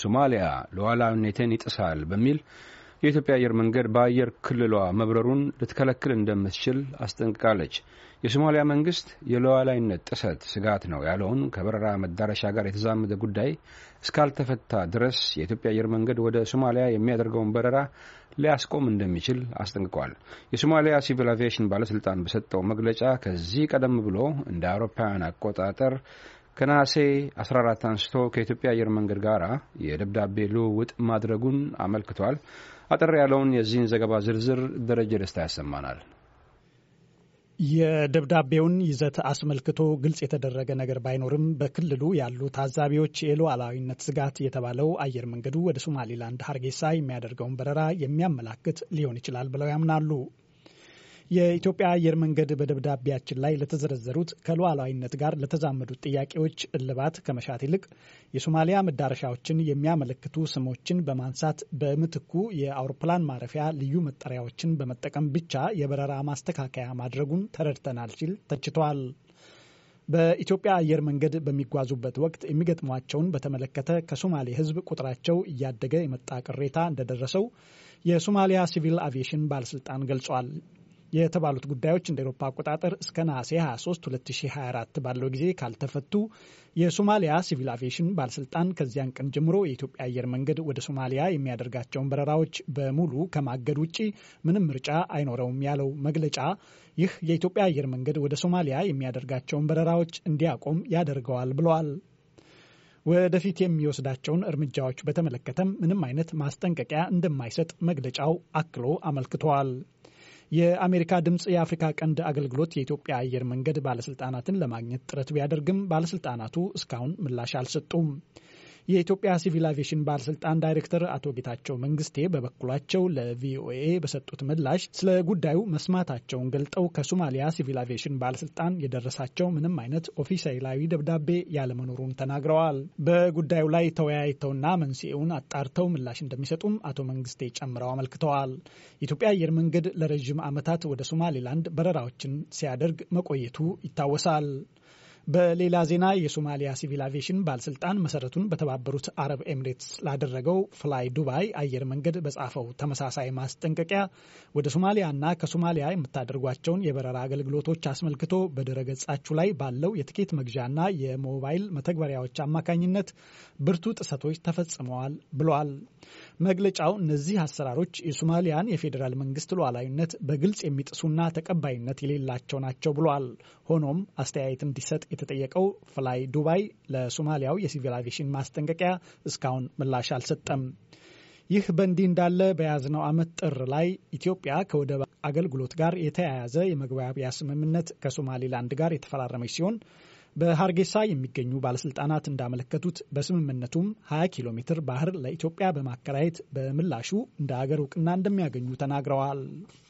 ሶማሊያ ሉዓላዊነቴን ይጥሳል በሚል የኢትዮጵያ አየር መንገድ በአየር ክልሏ መብረሩን ልትከለክል እንደምትችል አስጠንቅቃለች። የሶማሊያ መንግስት የሉዓላዊነት ጥሰት ስጋት ነው ያለውን ከበረራ መዳረሻ ጋር የተዛመደ ጉዳይ እስካልተፈታ ድረስ የኢትዮጵያ አየር መንገድ ወደ ሶማሊያ የሚያደርገውን በረራ ሊያስቆም እንደሚችል አስጠንቅቋል። የሶማሊያ ሲቪል አቪዬሽን ባለስልጣን በሰጠው መግለጫ ከዚህ ቀደም ብሎ እንደ አውሮፓውያን አቆጣጠር ከነሐሴ 14 አንስቶ ከኢትዮጵያ አየር መንገድ ጋር የደብዳቤ ልውውጥ ማድረጉን አመልክቷል። አጠር ያለውን የዚህን ዘገባ ዝርዝር ደረጀ ደስታ ያሰማናል። የደብዳቤውን ይዘት አስመልክቶ ግልጽ የተደረገ ነገር ባይኖርም በክልሉ ያሉ ታዛቢዎች የሉዓላዊነት ስጋት የተባለው አየር መንገዱ ወደ ሶማሌላንድ ሀርጌሳ የሚያደርገውን በረራ የሚያመላክት ሊሆን ይችላል ብለው ያምናሉ። የኢትዮጵያ አየር መንገድ በደብዳቤያችን ላይ ለተዘረዘሩት ከሉዓላዊነት ጋር ለተዛመዱት ጥያቄዎች እልባት ከመሻት ይልቅ የሶማሊያ መዳረሻዎችን የሚያመለክቱ ስሞችን በማንሳት በምትኩ የአውሮፕላን ማረፊያ ልዩ መጠሪያዎችን በመጠቀም ብቻ የበረራ ማስተካከያ ማድረጉን ተረድተናል ሲል ተችቷል። በኢትዮጵያ አየር መንገድ በሚጓዙበት ወቅት የሚገጥሟቸውን በተመለከተ ከሶማሌ ሕዝብ ቁጥራቸው እያደገ የመጣ ቅሬታ እንደደረሰው የሶማሊያ ሲቪል አቪዬሽን ባለስልጣን ገልጿል። የተባሉት ጉዳዮች እንደ ኤሮፓ አቆጣጠር እስከ ነሐሴ 23 2024 ባለው ጊዜ ካልተፈቱ የሶማሊያ ሲቪል አቪዬሽን ባለስልጣን ከዚያን ቀን ጀምሮ የኢትዮጵያ አየር መንገድ ወደ ሶማሊያ የሚያደርጋቸውን በረራዎች በሙሉ ከማገድ ውጭ ምንም ምርጫ አይኖረውም ያለው መግለጫ ይህ የኢትዮጵያ አየር መንገድ ወደ ሶማሊያ የሚያደርጋቸውን በረራዎች እንዲያቆም ያደርገዋል ብለዋል። ወደፊት የሚወስዳቸውን እርምጃዎች በተመለከተም ምንም አይነት ማስጠንቀቂያ እንደማይሰጥ መግለጫው አክሎ አመልክተዋል። የአሜሪካ ድምፅ የአፍሪካ ቀንድ አገልግሎት የኢትዮጵያ አየር መንገድ ባለስልጣናትን ለማግኘት ጥረት ቢያደርግም ባለስልጣናቱ እስካሁን ምላሽ አልሰጡም። የኢትዮጵያ ሲቪል አቪዬሽን ባለስልጣን ዳይሬክተር አቶ ጌታቸው መንግስቴ በበኩላቸው ለቪኦኤ በሰጡት ምላሽ ስለ ጉዳዩ መስማታቸውን ገልጠው ከሶማሊያ ሲቪል አቪዬሽን ባለስልጣን የደረሳቸው ምንም አይነት ኦፊሴላዊ ደብዳቤ ያለመኖሩን ተናግረዋል። በጉዳዩ ላይ ተወያይተውና መንስኤውን አጣርተው ምላሽ እንደሚሰጡም አቶ መንግስቴ ጨምረው አመልክተዋል። የኢትዮጵያ አየር መንገድ ለረዥም ዓመታት ወደ ሶማሌላንድ በረራዎችን ሲያደርግ መቆየቱ ይታወሳል። በሌላ ዜና የሶማሊያ ሲቪል አቪሽን ባለስልጣን መሰረቱን በተባበሩት አረብ ኤምሬትስ ላደረገው ፍላይ ዱባይ አየር መንገድ በጻፈው ተመሳሳይ ማስጠንቀቂያ ወደ ሶማሊያና ከሶማሊያ የምታደርጓቸውን የበረራ አገልግሎቶች አስመልክቶ በድረገጻችሁ ላይ ባለው የትኬት መግዣና የሞባይል መተግበሪያዎች አማካኝነት ብርቱ ጥሰቶች ተፈጽመዋል ብሏል። መግለጫው እነዚህ አሰራሮች የሶማሊያን የፌዴራል መንግስት ሉዓላዊነት በግልጽ የሚጥሱና ተቀባይነት የሌላቸው ናቸው ብሏል። ሆኖም አስተያየት እንዲሰጥ የተጠየቀው ፍላይ ዱባይ ለሶማሊያው የሲቪል አቪሽን ማስጠንቀቂያ እስካሁን ምላሽ አልሰጠም። ይህ በእንዲህ እንዳለ በያዝነው ዓመት ጥር ላይ ኢትዮጵያ ከወደብ አገልግሎት ጋር የተያያዘ የመግባቢያ ስምምነት ከሶማሌላንድ ጋር የተፈራረመች ሲሆን በሀርጌሳ የሚገኙ ባለስልጣናት እንዳመለከቱት በስምምነቱም 20 ኪሎ ሜትር ባህር ለኢትዮጵያ በማከራየት በምላሹ እንደ አገር እውቅና እንደሚያገኙ ተናግረዋል።